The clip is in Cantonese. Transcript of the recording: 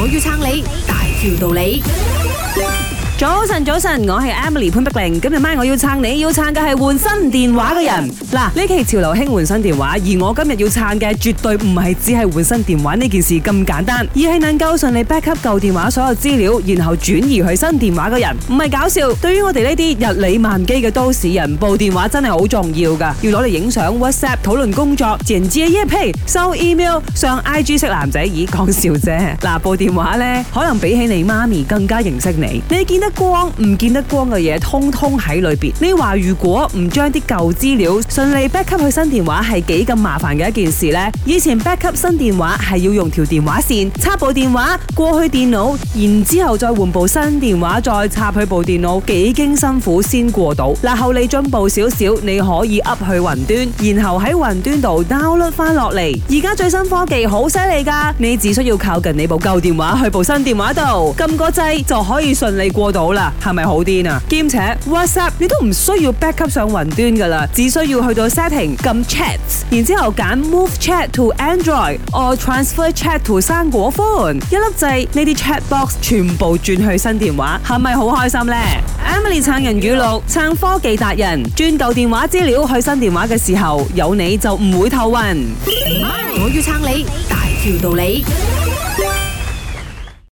我要撐你，大條道理。早晨，早晨，我係 Emily 潘碧玲，今日晚我要撐你要撐嘅係換新電話嘅人。嗱、啊，呢期潮流興換新電話，而我今日要撐嘅絕對唔係只係換新電話呢件事咁簡單，而係能夠順利 backup 舊電話所有資料，然後轉移去新電話嘅人。唔係搞笑，對於我哋呢啲日理萬機嘅都市人，部電話真係好重要㗎，要攞嚟影相、WhatsApp 討論工作、甚至一批收 email、上 IG 識男仔，咦而講笑啫。嗱、啊，部電話呢，可能比起你媽咪更加認識你。你見到？光唔見得光嘅嘢，通通喺裏邊。你話如果唔將啲舊資料順利 backup 去新電話，係幾咁麻煩嘅一件事呢？以前 backup 新電話係要用條電話線插部電話過去電腦，然之後再換部新電話再插去部電腦，幾經辛苦先過到。嗱，後嚟進步少少，你可以 up 去雲端，然後喺雲端度 download 翻落嚟。而家最新科技好犀利噶，你只需要靠近你部舊電話去部新電話度，撳個掣就可以順利過到。好啦，係咪好癲啊？兼且 WhatsApp 你都唔需要 backup 上雲端噶啦，只需要去到 setting 撳 chats，然之後揀 move chat to Android or transfer chat to 生果 phone，一粒掣，呢啲 chat box 全部轉去新電話，係咪好開心呢？嗯、Emily 撐人語錄，撐科技達人，轉舊電話資料去新電話嘅時候，有你就唔會頭暈。嗯。我要撐你，大條道理。